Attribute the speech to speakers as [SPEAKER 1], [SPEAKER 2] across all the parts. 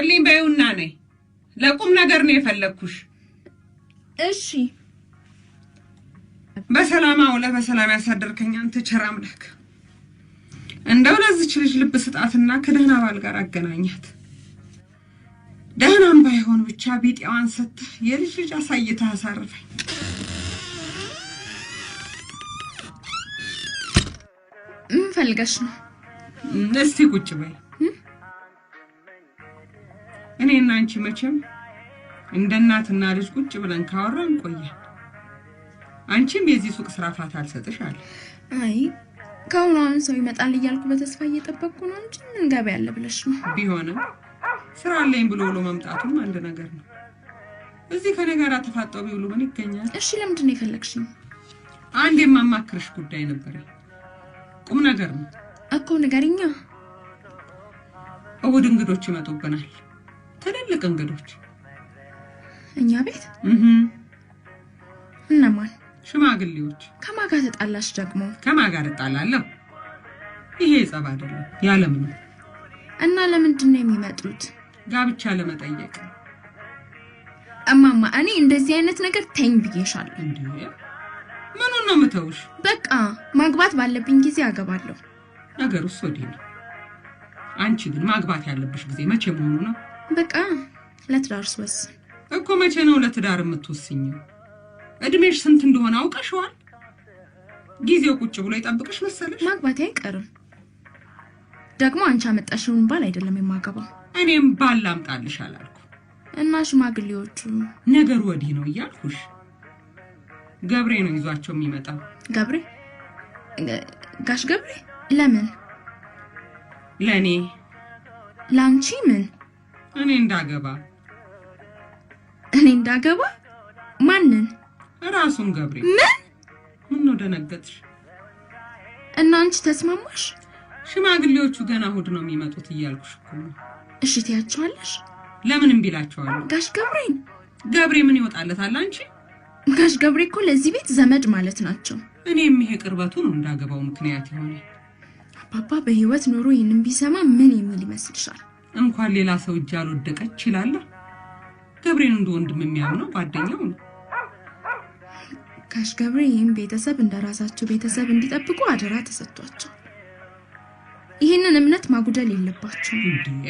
[SPEAKER 1] ብቅልኝ በይውና ነይ። ለቁም ነገር ነው የፈለግኩሽ። እሺ በሰላም አውለ በሰላም ያሳደርከኝ አንተ ቸር አምላክ እንደው ለዚች ልጅ ልብ ስጣትና ከደህና ባል ጋር አገናኛት። ደህናም ባይሆን ብቻ ቢጤዋን ሰጥተህ የልጅ ልጅ አሳይተህ አሳርፈኝ።
[SPEAKER 2] ምን ፈልገሽ ነው?
[SPEAKER 1] እስቲ ቁጭ በይ። እኔና አንቺ መቼም እንደ እናትና ልጅ ቁጭ ብለን ካወራን ቆየ። አንቺም የዚህ ሱቅ ስራ ፋታ አልሰጥሽ አለ።
[SPEAKER 2] አይ ከአሁኑ አሁን ሰው ይመጣል እያልኩ በተስፋ እየጠበቅኩ ነው እንጂ ምን ገባ ያለ ብለሽ ነው።
[SPEAKER 1] ቢሆንም ስራ አለኝ ብሎ ብሎ መምጣቱም አንድ ነገር ነው። እዚህ ከኔ ጋር ተፋጠው ቢውሉ ምን ይገኛል?
[SPEAKER 2] እሺ ለምንድን ነው የፈለግሽኝ?
[SPEAKER 1] አንድ የማማክርሽ ጉዳይ ነበረ። ቁም ነገር ነው
[SPEAKER 2] እኮ ንገሪኛ።
[SPEAKER 1] እሑድ እንግዶች ይመጡብናል። ትልልቅ እንግዶች
[SPEAKER 2] እኛ ቤት እነማን?
[SPEAKER 1] ሽማግሌዎች።
[SPEAKER 2] ጋር ተጣላሽ? ደግሞ
[SPEAKER 1] ጋር ጣላለሁ ይሄ ጸብ አይደለም ያለም ነው።
[SPEAKER 2] እና ለምንድን ነው የሚመጡት?
[SPEAKER 1] ጋብቻ ለመጠየቅ።
[SPEAKER 2] እማማ፣ እኔ እንደዚህ አይነት ነገር ተኝ ብዬሻለሁ።
[SPEAKER 1] እንዴ ምኑን ነው የምተውሽ?
[SPEAKER 2] በቃ ማግባት ባለብኝ ጊዜ አገባለሁ።
[SPEAKER 1] ውስጥ ወዲህ ነው። አንቺ ግን ማግባት ያለብሽ ጊዜ መቼ መሆኑ ነው?
[SPEAKER 2] በቃ ለትዳር ስወስን
[SPEAKER 1] እኮ መቼ ነው ለትዳር የምትወስኝ? እድሜሽ ስንት እንደሆነ አውቀሽዋል? ጊዜው ቁጭ ብሎ ይጠብቅሽ መሰለሽ?
[SPEAKER 2] ማግባቴ አይቀርም። ደግሞ አንቺ አመጣሽውን ባል አይደለም የማገባው።
[SPEAKER 1] እኔም ባል ላምጣልሽ አላልኩ
[SPEAKER 2] እና ሽማግሌዎቹ
[SPEAKER 1] ነገሩ ወዲህ ነው እያልኩሽ። ገብሬ ነው ይዟቸው የሚመጣው።
[SPEAKER 2] ገብሬ? ጋሽ ገብሬ? ለምን? ለእኔ ለአንቺ ምን
[SPEAKER 1] እኔ እንዳገባ
[SPEAKER 2] እኔ እንዳገባ ማንን?
[SPEAKER 1] ራሱን ገብሬ። ምን ምን ነው ደነገጥሽ?
[SPEAKER 2] እና አንቺ ተስማማሽ?
[SPEAKER 1] ሽማግሌዎቹ ገና እሑድ ነው የሚመጡት እያልኩሽ እኮ ነው።
[SPEAKER 2] እሺ ትያቸዋለሽ? ለምን እምቢ ጋሽ ገብሬን
[SPEAKER 1] ገብሬ ምን ይወጣለታል? አንቺ
[SPEAKER 2] ጋሽ ገብሬ እኮ ለዚህ ቤት ዘመድ ማለት ናቸው።
[SPEAKER 1] እኔም ይሄ ቅርበቱ ነው እንዳገባው ምክንያት የሆነ
[SPEAKER 2] አባባ በህይወት ኖሮ ይህንን ቢሰማ ምን የሚል ይመስልሻል?
[SPEAKER 1] እንኳን ሌላ ሰው እጅ አልወደቀች ይችላለህ። ገብሬን እንደ ወንድም የሚያምነው ጓደኛው ነው።
[SPEAKER 2] ጋሽ ገብሬ ይህም ቤተሰብ እንደ ራሳቸው ቤተሰብ እንዲጠብቁ አደራ ተሰጥቷቸው፣ ይህንን እምነት ማጉደል የለባቸው።
[SPEAKER 1] እንዴ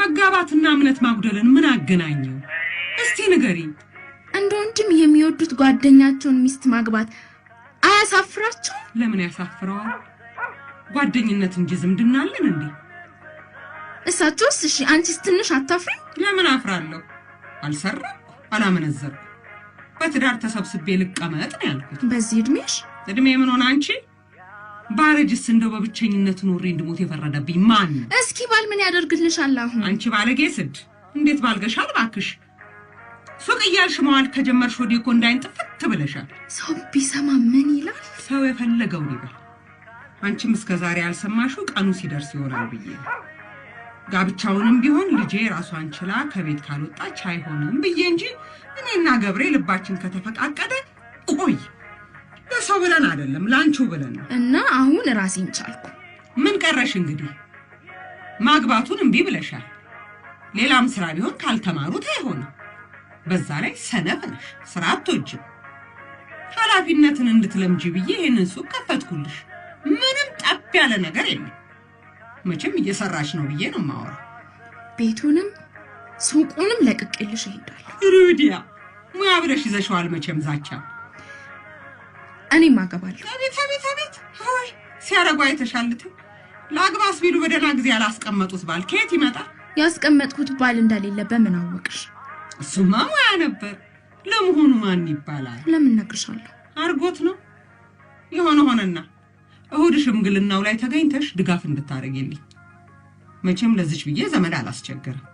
[SPEAKER 1] መጋባትና እምነት ማጉደልን ምን አገናኘው? እስቲ ንገሪ።
[SPEAKER 2] እንደ ወንድም የሚወዱት ጓደኛቸውን ሚስት ማግባት አያሳፍራቸው?
[SPEAKER 1] ለምን ያሳፍረዋል? ጓደኝነት እንጂ ዝምድና አለን እንዴ?
[SPEAKER 2] እሳቸውስ? እሺ አንቺስ ትንሽ አታፍሪ?
[SPEAKER 1] ለምን አፍራለሁ? አልሰራኩ አላመነዘርኩ። በትዳር ተሰብስቤ ልቀመጥ ነው ያልኩት።
[SPEAKER 2] በዚህ እድሜሽ?
[SPEAKER 1] እድሜ ምን ሆነ አንቺ? ባረጅስ እንደው በብቸኝነት ኖሬ እንድሞት የፈረደብኝ ማን?
[SPEAKER 2] እስኪ ባል ምን ያደርግልሻል? አሁን
[SPEAKER 1] አንቺ ባለጌ ስድ፣ እንዴት ባልገሻል ባክሽ። ሱቅ እያልሽ መዋል ከጀመርሽ ወዲህ እኮ እንዳይን ጥፍት ብለሻል።
[SPEAKER 2] ሰው ቢሰማ ምን ይላል?
[SPEAKER 1] ሰው የፈለገውን ይበል። አንቺም እስከ ዛሬ ያልሰማሽው ቀኑ ሲደርስ ይሆናል ብዬ ጋብቻውንም ቢሆን ልጄ ራሷን ችላ ከቤት ካልወጣች አይሆንም ብዬ እንጂ እኔና ገብሬ ልባችን ከተፈቃቀደ ቆይ ለሰው ብለን አይደለም ለአንቺው ብለን ነው።
[SPEAKER 2] እና አሁን ራሴን ቻልኩ።
[SPEAKER 1] ምን ቀረሽ እንግዲህ ማግባቱን እምቢ ብለሻል። ሌላም ስራ ቢሆን ካልተማሩት አይሆንም። በዛ ላይ ሰነፍ ነሽ፣ ስራ አትወጂም። ኃላፊነትን እንድትለምጂ ብዬ ይህንን ሱቅ ከፈትኩልሽ። ምንም ጠብ ያለ ነገር የለም። መቼም እየሰራች ነው ብዬ ነው የማወራው።
[SPEAKER 2] ቤቱንም ሱቁንም ለቅቄልሽ እሄዳለሁ።
[SPEAKER 1] ሩዲያ ሙያ ብለሽ ይዘሽዋል መቼም ዛቻ።
[SPEAKER 2] እኔም አገባለሁ።
[SPEAKER 1] አቤት አቤት አቤት! ሆይ ሲያረጉ አይተሻልትም። ለአግባስ ቢሉ በደህና ጊዜ ያላስቀመጡት ባል ከየት ይመጣል?
[SPEAKER 2] ያስቀመጥኩት ባል እንደሌለ በምን አወቅሽ?
[SPEAKER 1] እሱማ ሙያ ነበር። ለመሆኑ ማን ይባላል?
[SPEAKER 2] ለምን ነግርሻለሁ።
[SPEAKER 1] አርጎት ነው የሆነ ሆነና እሁድ ሽምግልናው ላይ ተገኝተሽ ድጋፍ እንድታደርግልኝ። መቼም ለዚች ብዬ ዘመድ አላስቸግርም።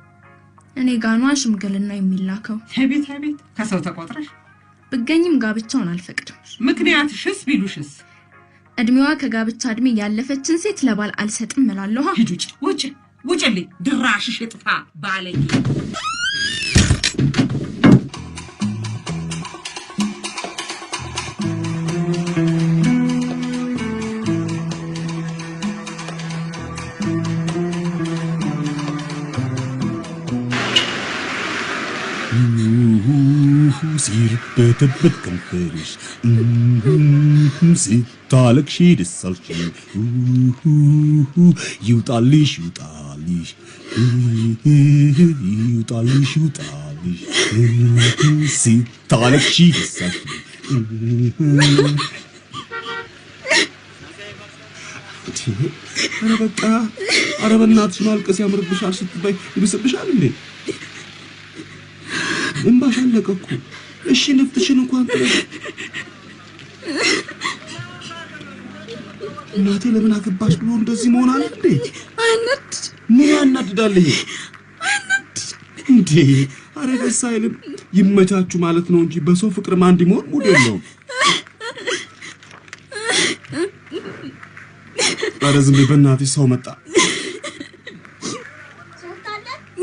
[SPEAKER 2] እኔ ጋኗ ሽምግልና የሚላከው
[SPEAKER 1] ቤት ቤት ከሰው ተቆጥረሽ
[SPEAKER 2] ብገኝም ጋብቻውን
[SPEAKER 1] አልፈቅድም። ሽስ ቢሉሽስ?
[SPEAKER 2] እድሜዋ ከጋብቻ እድሜ ያለፈችን ሴት ለባል አልሰጥም እላለሁ።
[SPEAKER 1] ሂድ ውጭ፣ ውጭ፣ ውጭልኝ! ድራሽሽ ጥፋ ባለኝ بتبتكم
[SPEAKER 3] خارج ستالك شيد الصلشي يوطاليش يوطاليش يوطاليش يوطاليش ستالك شيد الصلشي ኧረ በቃ፣ ኧረ በእናትሽ ማልቀስ ያምርብሻል ስትባይ ይብስብሻል እንዴ? እንባሽ አለቀ እኮ። እሺ ልብትሽን እንኳን እናቴ ለምን አገባሽ ብሎ እንደዚህ መሆን አለ እንዴ? አናድ ምን ያናድዳል ይሄ? አናድ እንዴ! አረ ደስ አይልም። ይመቻችሁ ማለት ነው እንጂ በሰው ፍቅር ማን እንዲሞር ሙድ የለውም። አረ ዝም በይ በእናትሽ፣ ሰው መጣ።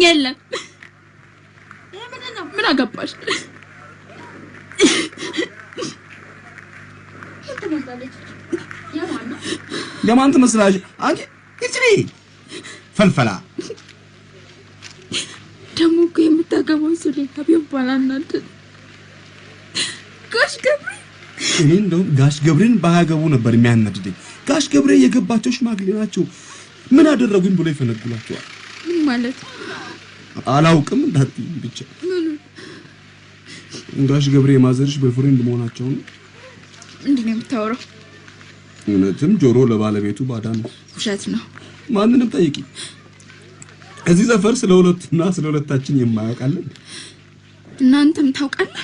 [SPEAKER 2] የለም ምን አገባሽ?
[SPEAKER 3] ለማን ትመስላለች? አንቺ እትሪ ፈልፈላ
[SPEAKER 2] ደግሞ እኮ የምታገባው ሱሌካ ቢባላናት ጋሽ ገብሬ
[SPEAKER 3] እኔ እንደውም ጋሽ ገብሬን ባያገቡ ነበር የሚያናድደኝ። ጋሽ ገብሬ የገባቸው ሽማግሌ ናቸው። ምን አደረጉኝ ብሎ ይፈነግላቸዋል። ምን ማለት አላውቅም እንዳትዪ ብቻ። ጋሽ ገብሬ ማዘርሽ ቦይፍሬንድ መሆናቸው ነው። የምታወራው? እውነትም ጆሮ ለባለቤቱ ባዳ ነው። ውሸት ነው። ማንንም ጠይቂ። እዚህ ሰፈር ስለ ሁለቱና ስለ ሁለታችን የማያውቃለን።
[SPEAKER 2] እናንተም ታውቃለህ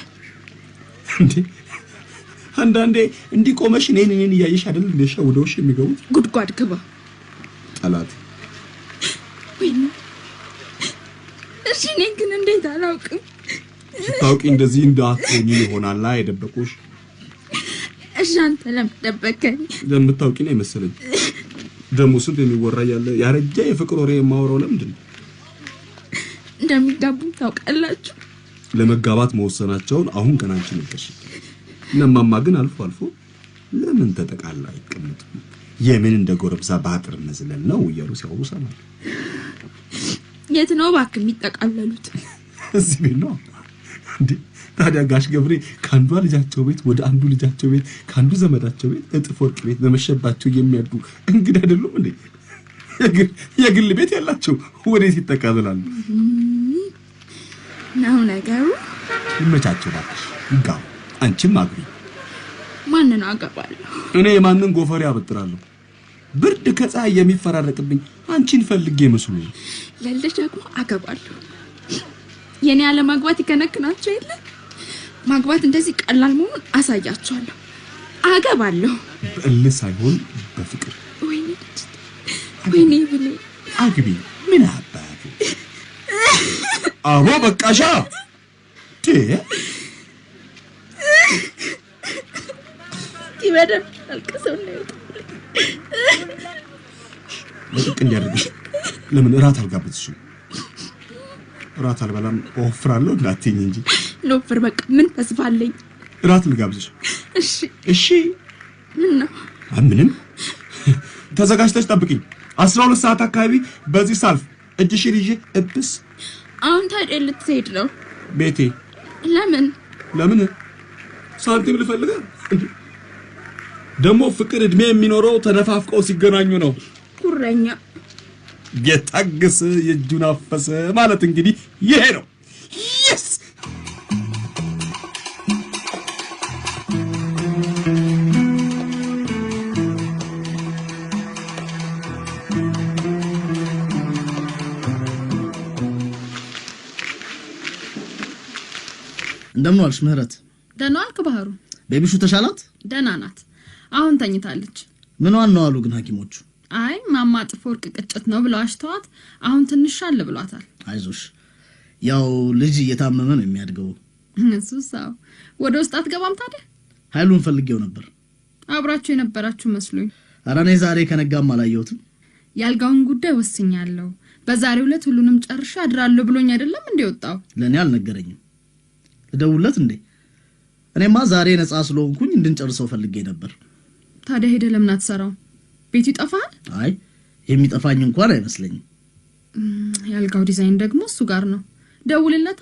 [SPEAKER 3] እንዴ? አንዳንዴ እንዲህ ቆመሽ እኔን እኔን እያየሽ አይደል እንደ ሸውደውሽ የሚገቡት? ጉድጓድ ግባ ጠላት።
[SPEAKER 2] ወይኔ እሺ፣ እኔ ግን እንዴት አላውቅም።
[SPEAKER 3] ታውቂ እንደዚህ እንዳትሆኝ ይሆናል የደበቁሽ።
[SPEAKER 2] እሺ፣ አንተ ለምን ደበከኝ?
[SPEAKER 3] ለምታውቂ ነው የመሰለኝ። ደግሞ ስንት የሚወራ ያለ ያረጃ የፍቅር ወሬ የማወራው ለምንድን ነው?
[SPEAKER 2] እንደሚጋቡ ታውቃላችሁ።
[SPEAKER 3] ለመጋባት መወሰናቸውን አሁን ገና አንቺ ነገርሽ። እነማማ ግን አልፎ አልፎ ለምን ተጠቃላ አይቀመጡም? የምን እንደ ጎረምሳ በአጥር መዝለል ነው እያሉ ሲያወሩ ሰማል።
[SPEAKER 2] የት ነው እባክህ የሚጠቃለሉት?
[SPEAKER 3] እዚህ ቤት ነው እንዴ? ታዲያ ጋሽ ገብሬ ከአንዷ ልጃቸው ቤት ወደ አንዱ ልጃቸው ቤት ከአንዱ ዘመዳቸው ቤት እጥፍ ወርቅ ቤት በመሸባቸው የሚያዱ እንግዲህ አይደሉም እንዴ? የግል ቤት ያላቸው ወዴት ይጠቃዘላሉ?
[SPEAKER 2] ነው ነገሩ።
[SPEAKER 3] ይመቻቸው ባሽ ጋው አንቺም አግቢ።
[SPEAKER 2] ማንን አገባለሁ
[SPEAKER 3] እኔ? የማንን ጎፈር አበጥራለሁ? ብርድ ከፀሐይ የሚፈራረቅብኝ አንቺን ፈልጌ መስሉ
[SPEAKER 2] ለልጅ ደግሞ አገባለሁ። የኔ አለማግባት ይከነክናቸው የለን ማግባት እንደዚህ ቀላል መሆኑን አሳያቸዋለሁ። አገባለሁ።
[SPEAKER 3] በእልህ ሳይሆን በፍቅር።
[SPEAKER 2] ወይኔ ወይኔ ብሌ
[SPEAKER 3] አግቢ። ምን አባት አቦ በቃሻ
[SPEAKER 2] በደንብ አልቅሰው
[SPEAKER 3] ለጥቅ እንዲያደርግሽ ለምን እራት አልጋበዝሽም? እራት አልበላም ወፍራለሁ እንዳትይኝ እንጂ
[SPEAKER 2] ሎፈር በቃ ምን ተስፋ አለኝ?
[SPEAKER 3] እራት ልጋብዝሽ። እሺ እሺ። ምን ነው? ምንም። ተዘጋጅተሽ ጠብቂኝ። አስራ ሁለት ሰዓት አካባቢ በዚህ ሳልፍ እጅሽን ይዤ እብስ።
[SPEAKER 2] አሁን ታዲያ ልትሄድ ነው? ቤቴ። ለምን
[SPEAKER 3] ለምን? ሳንቲም ልፈልገ ደግሞ ፍቅር እድሜ የሚኖረው ተነፋፍቀው ሲገናኙ ነው። ጉረኛ የታገሰ የእጁን አፈሰ ማለት እንግዲህ ይሄ ነው። የስ እንደምን ዋልሽ ምህረት?
[SPEAKER 2] ደህና ዋልክ ባህሩ?
[SPEAKER 3] ቤቢሹ ተሻላት?
[SPEAKER 2] ደህና ናት። አሁን ተኝታለች።
[SPEAKER 3] ምኗን ነው አሉ ግን ሐኪሞቹ?
[SPEAKER 2] አይ ማማ ጥፎ ወርቅ ቅጭት ነው ብለው አሽተዋት አሁን ትንሽ አለ ብሏታል።
[SPEAKER 3] አይዞሽ፣ ያው ልጅ እየታመመ ነው የሚያድገው።
[SPEAKER 2] እሱ ሳው ወደ ውስጥ አትገባም ታዲያ?
[SPEAKER 3] ኃይሉን ፈልጌው ነበር።
[SPEAKER 2] አብራችሁ የነበራችሁ መስሉኝ
[SPEAKER 3] ኧረ እኔ ዛሬ ከነጋም አላየሁትም።
[SPEAKER 2] ያልጋውን ጉዳይ ወስኛለሁ። በዛሬው ዕለት ሁሉንም ጨርሼ አድራለሁ ብሎኝ አይደለም እንዲወጣው
[SPEAKER 3] ለእኔ አልነገረኝም። ደውለት እንዴ? እኔማ ዛሬ ነጻ ስለሆንኩኝ እንድንጨርሰው ፈልጌ ነበር።
[SPEAKER 2] ታዲያ ሄደ ለምን አትሰራው? ቤቱ ይጠፋል።
[SPEAKER 3] አይ የሚጠፋኝ እንኳን አይመስለኝም።
[SPEAKER 2] ያልጋው ዲዛይን ደግሞ እሱ ጋር ነው። ደውልለታ።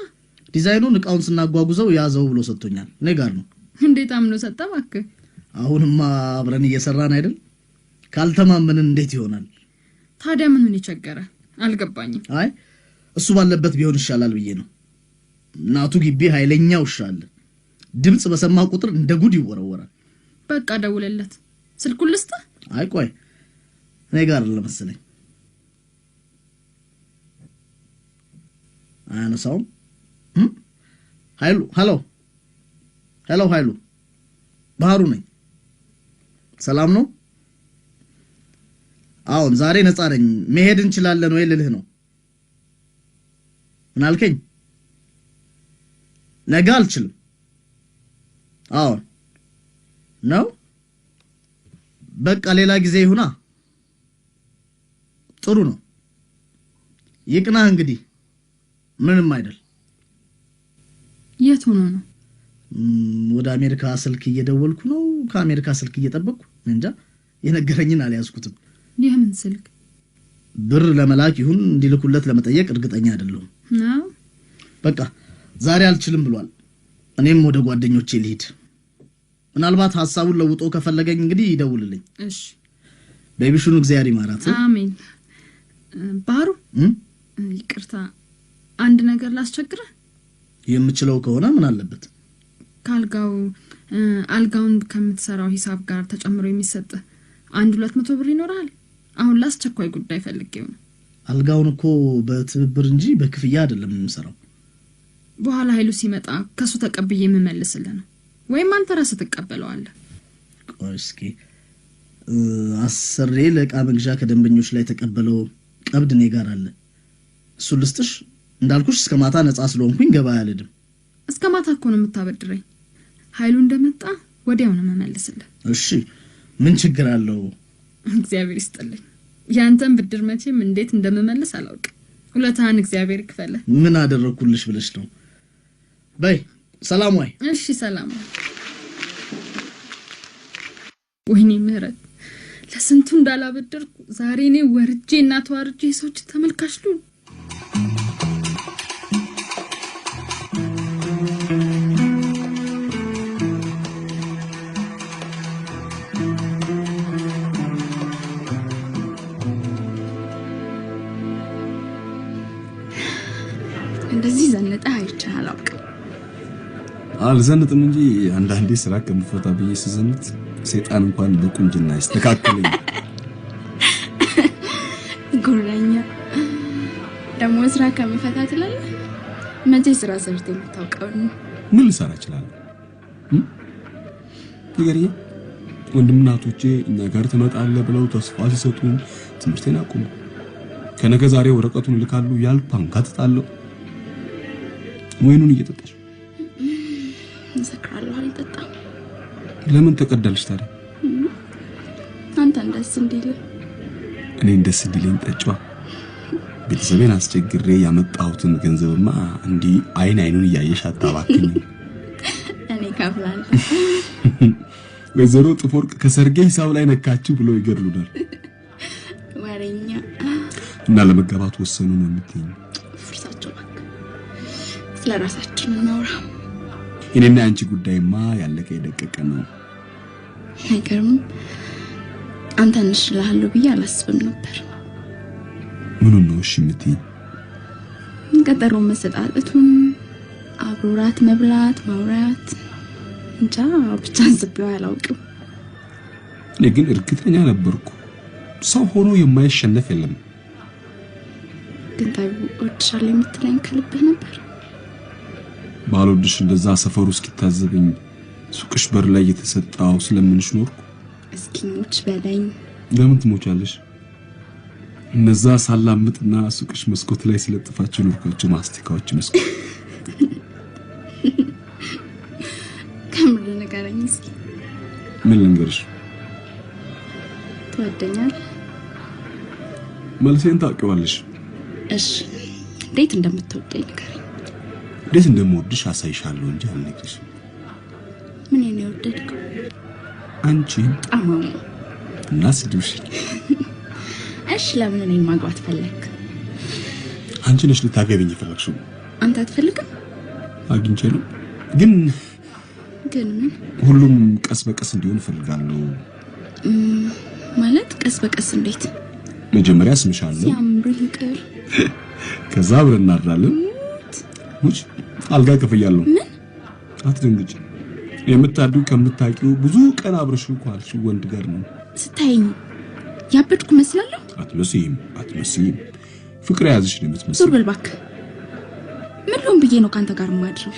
[SPEAKER 3] ዲዛይኑን እቃውን ስናጓጉዘው ያዘው ብሎ ሰጥቶኛል። እኔ ጋር ነው።
[SPEAKER 2] እንዴት አምኖ ሰጠ እባክህ?
[SPEAKER 3] አሁንማ አብረን እየሰራን አይደል? ካልተማመንን እንዴት ይሆናል
[SPEAKER 2] ታዲያ? ምኑን የቸገረ አልገባኝም።
[SPEAKER 3] አይ እሱ ባለበት ቢሆን ይሻላል ብዬ ነው። እናቱ ግቢ ኃይለኛ ውሻ አለ። ድምፅ በሰማ ቁጥር እንደ ጉድ ይወረወራል።
[SPEAKER 2] በቃ ደውለለት። ስልኩን ልስጥህ?
[SPEAKER 3] አይ ቆይ እኔ ጋር አለ መሰለኝ። አያነሳውም። ኃይሉ ሄሎ፣ ሄሎ፣ ኃይሉ ባህሩ ነኝ። ሰላም ነው? አሁን ዛሬ ነጻ ነኝ። መሄድ እንችላለን ወይ ልልህ ነው። ምን አልከኝ? ነገ አልችልም። አዎ ነው። በቃ ሌላ ጊዜ ይሁና። ጥሩ ነው። ይቅናህ እንግዲህ ምንም አይደል። የት ሆኖ ነው? ወደ አሜሪካ ስልክ እየደወልኩ ነው። ከአሜሪካ ስልክ እየጠበቅኩ እንጃ፣ የነገረኝን አልያዝኩትም። የምን ስልክ? ብር ለመላክ ይሁን እንዲልኩለት ለመጠየቅ እርግጠኛ አይደለሁም። በቃ ዛሬ አልችልም ብሏል። እኔም ወደ ጓደኞቼ ልሂድ። ምናልባት ሀሳቡን ለውጦ ከፈለገኝ እንግዲህ ይደውልልኝ። እሺ ቤቢሹን እግዚአብሔር ይማራት።
[SPEAKER 2] አሜን። ባህሩ ይቅርታ፣ አንድ ነገር ላስቸግረ
[SPEAKER 3] የምችለው ከሆነ ምን አለበት?
[SPEAKER 2] ከአልጋው አልጋውን ከምትሰራው ሂሳብ ጋር ተጨምሮ የሚሰጥ አንድ ሁለት መቶ ብር ይኖራል። አሁን ለአስቸኳይ ጉዳይ ፈልጌው ነው።
[SPEAKER 3] አልጋውን እኮ በትብብር እንጂ በክፍያ አይደለም የምሰራው
[SPEAKER 2] በኋላ ኃይሉ ሲመጣ ከእሱ ተቀብዬ የምመልስልህ ነው፣ ወይም አንተ ራስህ ትቀበለዋለህ።
[SPEAKER 3] ቆይ እስኪ አስሬ ለዕቃ መግዣ ከደንበኞች ላይ የተቀበለው ቀብድ እኔ ጋር አለ። እሱ ልስጥሽ። እንዳልኩሽ እስከ ማታ ነፃ ስለሆንኩኝ ገባ አያልድም።
[SPEAKER 2] እስከ ማታ እኮ ነው የምታበድረኝ። ኃይሉ እንደመጣ ወዲያው ነው የምመልስልህ።
[SPEAKER 3] እሺ፣ ምን ችግር አለው?
[SPEAKER 2] እግዚአብሔር ይስጥልኝ። ያንተን ብድር መቼም እንዴት እንደምመልስ አላውቅም። ሁለታህን እግዚአብሔር ይክፈለ።
[SPEAKER 3] ምን አደረግኩልሽ ብለሽ ነው በይ ሰላም ወይ?
[SPEAKER 2] እሺ ሰላም። ወይኔ ምህረት፣ ለስንቱ እንዳላበደርኩ ዛሬ እኔ ወርጄ እና ተዋርጄ የሰዎችን ተመልካች ሉ
[SPEAKER 3] አልዘንጥም እንጂ አንዳንዴ ስራ ከምፈታ ብዬ ስዘንጥ ሴጣን እንኳን በቁንጅና ይስተካከለኝ።
[SPEAKER 2] ጉራኛ ደግሞ ስራ ከምፈታ ትላለህ። መቼ ስራ ሰርት የምታውቀው ነው?
[SPEAKER 3] ምን ልሰራ እችላለሁ? ንገሪኝ። ወንድምናቶቼ እኛ ጋር ትመጣለህ ብለው ተስፋ ሲሰጡ ትምህርቴን አቁሙ ከነገ ዛሬ ወረቀቱን ልካሉ ያልኩ አንጋጥጣለሁ። ወይኑን እየጠጣሽ ለምን ተቀዳልሽ ታዲያ?
[SPEAKER 2] አንተን ደስ እንዲል
[SPEAKER 3] እኔን ደስ እንዲለኝ ጠጫ ቤተሰቤን አስቸግሬ ያመጣሁትን ገንዘብማ እንዲህ አይን አይኑን እያየሽ አታባክኝ።
[SPEAKER 2] እኔ ከፍላለሁ።
[SPEAKER 3] ወይዘሮ ጥፎወርቅ ከሰርጌ ሂሳብ ላይ ነካችሁ ብሎ ይገድሉናል።
[SPEAKER 2] ወሬኛ
[SPEAKER 3] እና ለመጋባት ወሰኑ ነው የምትይኝ?
[SPEAKER 2] ፍርሳቸው እባክህ፣ ስለ ራሳችን እናውራ።
[SPEAKER 3] እኔና አንቺ ጉዳይማ ያለቀ የደቀቀ ነው።
[SPEAKER 2] አይገርም አንተ እንሽልሃለሁ ብዬ አላስብም ነበር።
[SPEAKER 3] ምኑን ነው እሺ የምትይኝ?
[SPEAKER 2] ቀጠሮ መሰጣጠቱን አብሮራት መብላት፣ ማውራት እንጃ ብቻ አንስቤው አላውቅም።
[SPEAKER 3] እኔ ግን እርግጠኛ ነበርኩ ሰው ሆኖ የማይሸነፍ የለም።
[SPEAKER 2] ግን ታይ ወድሻለሁ የምትለኝ ከልብህ ነበር?
[SPEAKER 3] ባልወድሽ እንደዛ ሰፈሩ እስኪታዘበኝ ሱቅሽ በር ላይ የተሰጣው ስለምንሽ ኖርኩ።
[SPEAKER 2] እስኪሞች በለኝ።
[SPEAKER 3] ለምን ትሞቻለሽ? እነዛ ሳላምጥና ሱቅሽ መስኮት ላይ ስለጥፋቸው ኖርኳቸው ማስቲካዎች መስኮት
[SPEAKER 2] ከምር ንገረኝ እስኪ። ምን ልንገርሽ? ትወደኛል?
[SPEAKER 3] መልሴን ታውቂዋለሽ።
[SPEAKER 2] እሺ፣ እንዴት እንደምትወደኝ ንገረኝ።
[SPEAKER 3] እንዴት እንደምወድሽ አሳይሻለሁ እንጂ አልነግርሽም። አንቺን ጣማሙ እና ስድብሽ።
[SPEAKER 2] እሺ ለምን ማግባት
[SPEAKER 3] አንቺ ነሽ ልታገቢኝ የፈለግሽው።
[SPEAKER 2] አንተ አትፈልግም?
[SPEAKER 3] አግኝቼ ነው ግን ግን ምን? ሁሉም ቀስ በቀስ እንዲሆን እፈልጋለሁ።
[SPEAKER 2] ማለት ቀስ በቀስ እንዴት?
[SPEAKER 3] መጀመሪያ ስምሻለሁ፣
[SPEAKER 2] ሲያምርህ ይቅር፣
[SPEAKER 3] ከዛ አብረን እናድራለን። ሙች አልጋ ከፍያለሁ። ምን? የምታዱ ከምታቂው ብዙ ቀን አብረሽ እንኳን ወንድ ጋር ነው።
[SPEAKER 2] ስታይኝ ያበድኩ መስላለሁ።
[SPEAKER 3] አትመስይም፣ አትመስይም። ፍቅር የያዝሽ ነው የምትመስል።
[SPEAKER 2] ዞር በል እባክህ። ምን ልሆን ብዬ ነው ከአንተ ጋር የማድረው?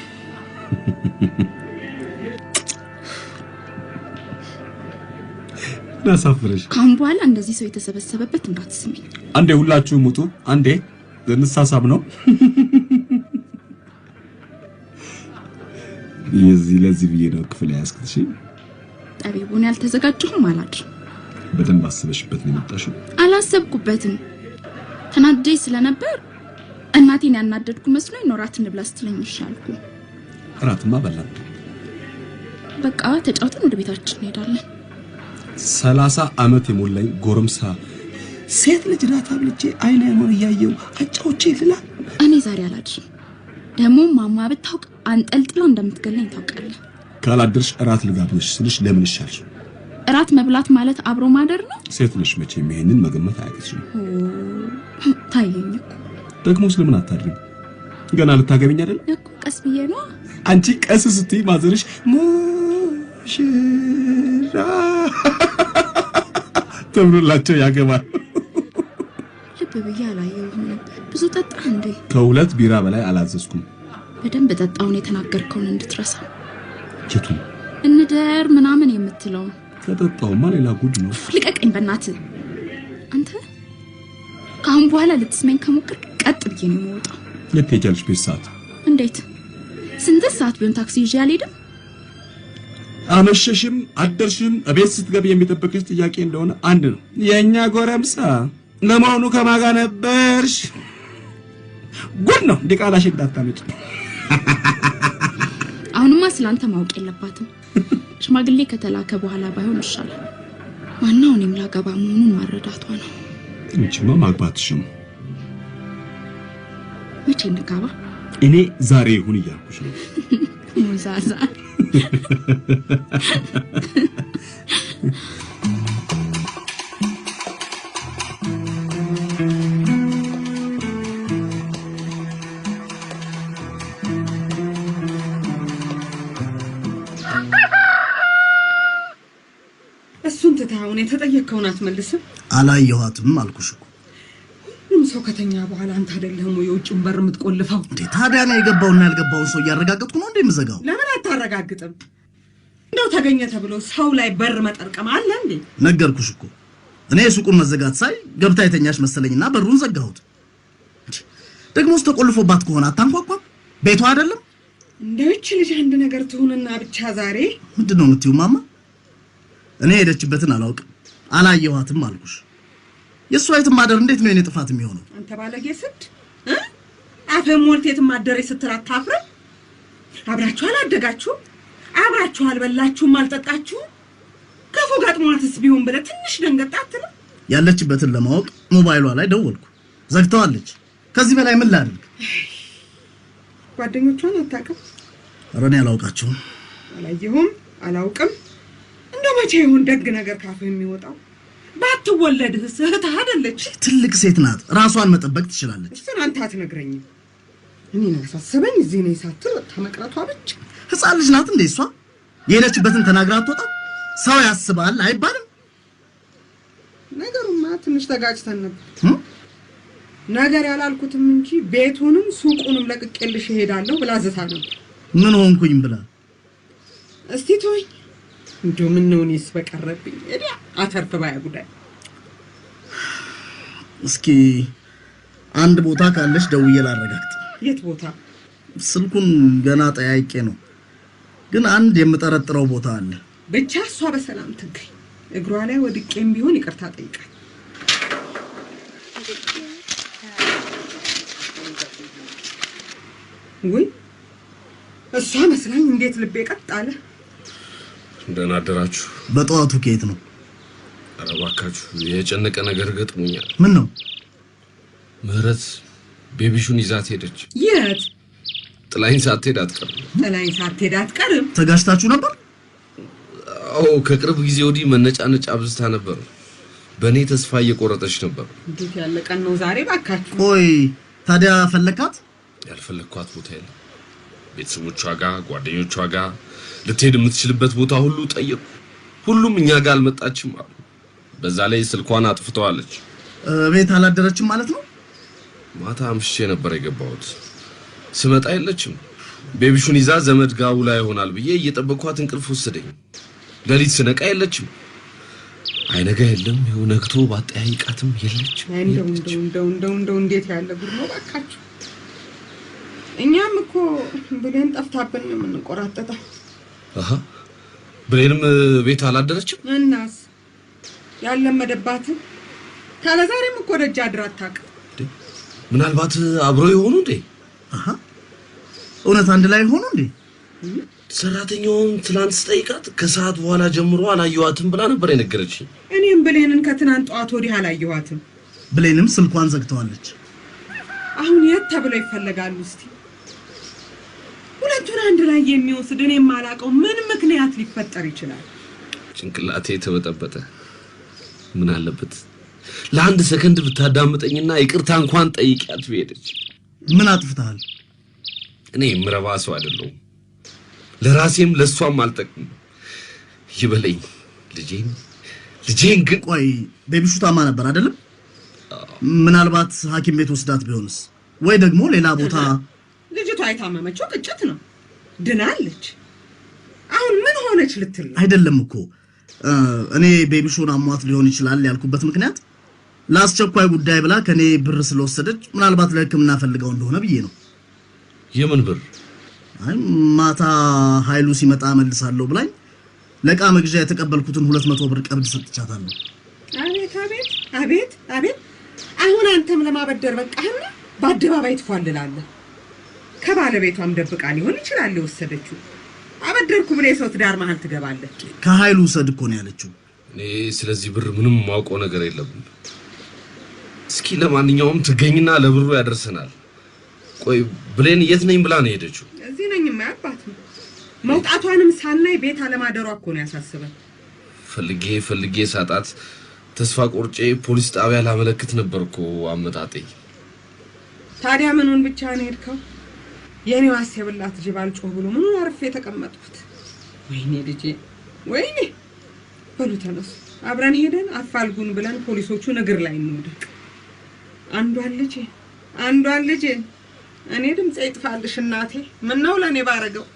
[SPEAKER 2] ናሳፍረሽ። ካሁን በኋላ እንደዚህ ሰው የተሰበሰበበት እንዳትስሚኝ።
[SPEAKER 3] አንዴ ሁላችሁም ሙቱ። አንዴ ልንሳሳብ ነው። የዚህ ለዚህ ብዬ ነው ክፍል ያስከሽ
[SPEAKER 2] ጠቢቡን ያልተዘጋጀሁም አላድርም።
[SPEAKER 3] በደንብ አስበሽበት ነው የመጣሽው።
[SPEAKER 2] አላሰብኩበትም። ተናደይ ስለነበር እናቴን ያናደድኩ መስሎኝ ነው ራት እንብላ ስትለኝ እሺ
[SPEAKER 3] እራትማ በላን።
[SPEAKER 2] በቃ ተጫውተን ወደ ቤታችን እንሄዳለን።
[SPEAKER 3] ሰላሳ አመት የሞላኝ ጎረምሳ ሴት ልጅ ናት አብልቼ አይን አይሆን እያየው አጫውቼ ልላ
[SPEAKER 2] እኔ ዛሬ አላድርም። ደግሞ ማማ ብታውቅ አንጠልጥላ እንደምትገለኝ ታውቃለህ።
[SPEAKER 3] ካላደርሽ እራት ልጋብዝሽ ስልሽ ለምን ይሻልሽ?
[SPEAKER 2] እራት መብላት ማለት አብሮ ማደር ነው።
[SPEAKER 3] ሴት ነሽ መቼም ይሄንን መገመት አያቅትሽም። ታየኝ እኮ ደግሞ ስለምን አታድርም? ገና ልታገቢኝ አይደል
[SPEAKER 2] እኮ። ቀስ ብዬ ነው።
[SPEAKER 3] አንቺ ቀስ ስትይ ማዘርሽ ሙሽራ ተብሎላቸው ያገባል። ልብ ብዬ አላየሁም። ብዙ ጠጣ እንዴ? ከሁለት ቢራ በላይ አላዘዝኩም። በደንብ ጠጣውን የተናገርከውን እንድትረሳ። ጀቱ እንደር ምናምን የምትለውን ከጠጣውማ ሌላ ጉድ ነው። ልቀቀኝ በእናት አንተ። ከአሁን በኋላ ልትስመኝ ከሞክር ቀጥ ብዬ ነው የምወጣው። የት ቤት ሰዓት እንዴት ስንት ሰዓት ቢሆን ታክሲ ይዤ አልሄድም። አመሸሽም አደርሽም እቤት ስትገቢ የሚጠብቅሽ ጥያቄ እንደሆነ አንድ ነው። የእኛ ጎረምሳ ለመሆኑ ከማጋ ነበርሽ? ጉድ ነው። ዲቃላሽ እንዳታመጭ አሁንማ ስላንተ ማወቅ የለባትም። ሽማግሌ ከተላከ በኋላ ባይሆን ይሻላል። ዋናው እኔም ላገባ መሆኑን ማረዳቷ ነው። አንቺማ ማግባትሽም መቼ እንጋባ? እኔ ዛሬ ይሁን እያልኩሽ ነው። ሙዛዛ የተጠየቅከውን አትመልስም? አላየኋትም አልኩሽ እኮ። ሁሉም ሰው ከተኛ በኋላ አንተ አይደለህም የውጭን በር የምትቆልፈው? እንዴ ታዲያ ነው የገባውና ያልገባውን ሰው እያረጋገጥኩ ነው እንዴ የምዘጋው? ለምን አታረጋግጥም? እንደው ተገኘ ተብሎ ሰው ላይ በር መጠርቀም አለ እንዴ? ነገርኩሽ እኮ እኔ የሱቁን መዘጋት ሳይ ገብታ የተኛሽ መሰለኝና በሩን ዘጋሁት። ደግሞስ ተቆልፎባት ከሆነ አታንኳኳም? ቤቷ አይደለም እንደው ልጅ አንድ ነገር ትሁንና ብቻ ዛሬ ምንድን ነው የምትይው? ማማ እኔ ሄደችበትን አላውቅም። አላየዋትም አልኩሽ። የእሷ ማደር እንዴት ነው የኔ ጥፋት የሚሆነው? አንተ ባለጌ ስድ አፈ ሞልት የትማደር ስትል አታፍርም? አብራችሁ አላደጋችሁም? አብራችሁ አልበላችሁም? አልጠጣችሁም? ከፎ ገጥሟትስ ቢሆን ብለህ ትንሽ ደንገጣ ነው ያለችበትን ለማወቅ ሞባይሏ ላይ ደወልኩ፣ ዘግተዋለች። ከዚህ በላይ ምን ላድርግ? ጓደኞቿን አታውቅም? ኧረ እኔ አላውቃቸውም። አላየሁም፣ አላውቅም መቼ ይሁን ደግ ነገር ካፍ የሚወጣው? ባትወለድህስ እህትህ አይደለች? ትልቅ ሴት ናት፣ ራሷን መጠበቅ ትችላለች። እሱን አንተ አትነግረኝም። እኔ ነው ያሳሰበኝ። እዚህ ነው ሳትር ወጥታ ብቻ። ህፃን ልጅ ናት እንዴ እሷ? የሄደችበትን ተናግራ አትወጣም። ሰው ያስባል አይባልም። ነገሩማ ትንሽ ተጋጭተን ነበር። ነገር ያላልኩትም እንጂ ቤቱንም ሱቁንም ለቅቄልሽ እሄዳለሁ ብላ ዘታ ነበር። ምን ሆንኩኝ ብላ እስቲ ቶይ እንዲሁ በቀረብኝ አተርፍ ባያ ጉዳይ። እስኪ አንድ ቦታ ካለች ደውዬ ላረጋግጥ። የት ቦታ? ስልኩን ገና ጠያቄ ነው፣ ግን አንድ የምጠረጥረው ቦታ አለ። ብቻ እሷ በሰላም ትገኝ። እግሯ ላይ ወድቄም ቢሆን ይቅርታ ጠይቃል። ውይ እሷ መስላኝ እንዴት ልቤ ቀጥ አለ። ደህና አደራችሁ። በጠዋቱ ከየት ነው? ኧረ እባካችሁ የጨነቀ ነገር ገጥሞኛል። ምን ነው? ምህረት ቤቢሹን ይዛት ሄደች። የት? ጥላይን ሳትሄድ አትቀርም። ጥላይን ሳትሄድ አትቀርም። ተጋጭታችሁ ነበር? አዎ፣ ከቅርብ ጊዜ ወዲህ መነጫነጫ አብዝታ ነበር። በእኔ ተስፋ እየቆረጠች ነበር። እንዴት ያለ ቀን ነው ዛሬ! እባካችሁ። ቆይ ታዲያ ፈለካት? ያልፈለግኳት ቦታ የለም ቤተሰቦቿ ጋር፣ ጓደኞቿ ጋር ልትሄድ የምትችልበት ቦታ ሁሉ ጠየቁ። ሁሉም እኛ ጋር አልመጣችም አሉ። በዛ ላይ ስልኳን አጥፍተዋለች። ቤት አላደረችም ማለት ነው። ማታ አምሽቼ ነበር የገባሁት። ስመጣ የለችም። ቤቢሹን ይዛ ዘመድ ጋው ላይ ይሆናል ብዬ እየጠበቅኳት እንቅልፍ ወሰደኝ። ሌሊት ስነቃ የለችም። አይነጋ የለም። ይኸው ነግቶ ባጠያይቃትም የለችም። እንደው እንደው እንደው እንደው እንዴት ያለ ጉድ ነው ባካችሁ! እኛም እኮ ብሌን ጠፍታብን ነው የምንቆራጠጠው። ብሌንም ቤት አላደረችም። እናስ ያለመደባትም መደባት ዛሬም እኮ ደጅ አድራ አታውቅም። ምናልባት አብሮ የሆኑ እንዴ? እውነት አንድ ላይ ሆኑ እንዴ? ሰራተኛውን ትናንት ስጠይቃት ከሰዓት በኋላ ጀምሮ አላየኋትም ብላ ነበር የነገረችኝ። እኔም ብሌንን ከትናንት ጠዋት ወዲህ አላየኋትም። ብሌንም ስልኳን ዘግተዋለች። አሁን የት ተብለው ይፈለጋሉ እስቲ አንድ ላይ የሚወስድ እኔ የማላውቀው ምን ምክንያት ሊፈጠር ይችላል? ጭንቅላቴ ተበጠበጠ። ምን አለበት ለአንድ ሰከንድ ብታዳምጠኝና ይቅርታ እንኳን ጠይቂያት ብሄደች። ምን አጥፍተሃል? እኔ የምረባ ሰው አይደለሁም። ለራሴም ለእሷም አልጠቅም። ይበለኝ። ልጄን ልጄን ግን ቆይ፣ ቤቢሹ ታማ ነበር አይደለም? ምናልባት ሐኪም ቤት ወስዳት ቢሆንስ? ወይ ደግሞ ሌላ ቦታ ልጅቷ የታመመችው ቅጭት ነው። ድናለች። አሁን ምን ሆነች ልትል አይደለም እኮ እኔ ቤቢሹን አሟት ሊሆን ይችላል ያልኩበት ምክንያት ለአስቸኳይ ጉዳይ ብላ ከኔ ብር ስለወሰደች ምናልባት ለሕክምና ፈልገው እንደሆነ ብዬ ነው። የምን ብር? አይ ማታ ኃይሉ ሲመጣ መልሳለሁ ብላኝ ለእቃ መግዣ የተቀበልኩትን ሁለት መቶ ብር ቀብድ ሰጥቻታለሁ። አቤት አቤት አቤት አቤት! አሁን አንተም ለማበደር በቃህና በአደባባይ ትፏልላለህ። ከባለቤቷም ደብቃ ሊሆን ይችላል የወሰደችው። አበደርኩ ብለህ የሰው ትዳር መሀል ትገባለች። ከኃይሉ ውሰድ እኮ ነው ያለችው። እኔ ስለዚህ ብር ምንም ማውቀው ነገር የለም። እስኪ ለማንኛውም ትገኝና ለብሩ ያደርሰናል። ቆይ ብሌን የት ነኝ ብላ ነው የሄደችው? እዚህ ነኝ ማያባት መውጣቷንም ሳናይ ቤት አለማደሯ እኮ ነው ያሳስበን። ፈልጌ ፈልጌ ሳጣት ተስፋ ቆርጬ ፖሊስ ጣቢያ ላመለክት ነበርኩ አመጣጤ። ታዲያ ምኑን ብቻ ነው የሄድከው? የኔ ዋስ የብላት ጅብ አልጮህ ብሎ ምን አርፌ የተቀመጥኩት? ወይኔ ልጄ ወይኔ። በሉ ተነሱ፣ አብረን ሄደን አፋልጉን ብለን ፖሊሶቹን እግር ላይ እንውደቅ። አንዷን ልጄ አንዷን ልጄ እኔ ድምፄ ይጥፋልሽ እናቴ፣ ምነው ለእኔ ባረገው